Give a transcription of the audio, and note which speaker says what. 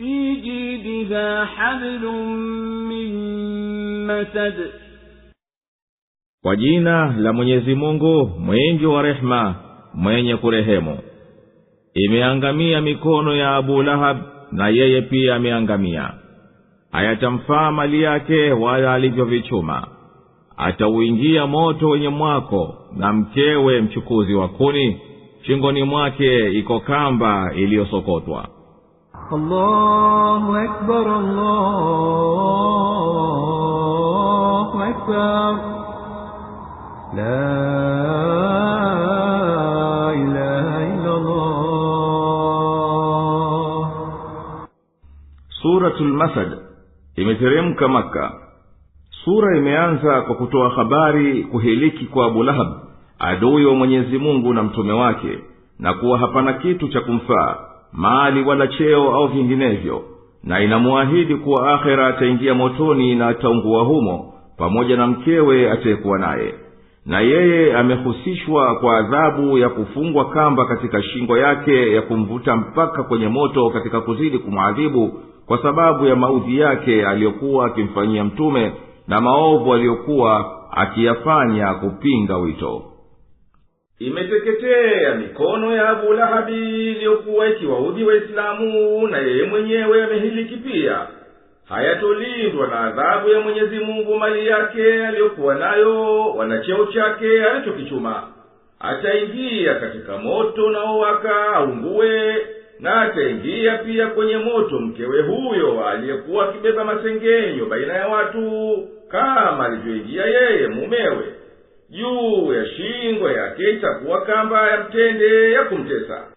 Speaker 1: في جيدها حبل من مسد
Speaker 2: kwa jina la مينجو ورحمة mwingi wa rehema mwenye kurehemu imeangamia mikono ya abu lahab na yeye pia ameangamia hayatamfaa mali yake wala alivyovichuma atauingia moto wenye mwako na mkewe mchukuzi wa kuni chingoni mwake iko kamba iliyosokotwa
Speaker 3: الله أكبر الله أكبر لا إله إلا الله
Speaker 2: سورة المسد imeteremka maka sura imeanza kwa kutoa habari kuhiliki kwa abu lahab adui wa mwenyezi mungu na mtume wake na kuwa hapana kitu cha kumfaa mali wala cheo au vinginevyo na inamwahidi kuwa akhera ataingia motoni na ataungua humo pamoja na mkewe atayekuwa naye na yeye amehusishwa kwa adhabu ya kufungwa kamba katika shingo yake ya kumvuta mpaka kwenye moto katika kuzidi kumwadhibu kwa sababu ya maudhi yake aliyokuwa akimfanyia mtume na maovu aliyokuwa akiyafanya kupinga wito
Speaker 4: imeteketea mikono ya abu lahabi iliyokuwa ikiwaudhi waislamu na yeye mwenyewe amehiliki pia hayatolindwa na adhabu ya mwenyezi mungu mali yake aliyokuwa nayo wanacheo chake alichokichuma ataingia katika moto naowaka aungue na ataingia pia kwenye moto mkewe huyo aliyekuwa akibeba masengenyo baina ya watu kama alivyoingia yeye mumewe juu ya shingo yake itakuwa kamba ya mtende ya kumtesa.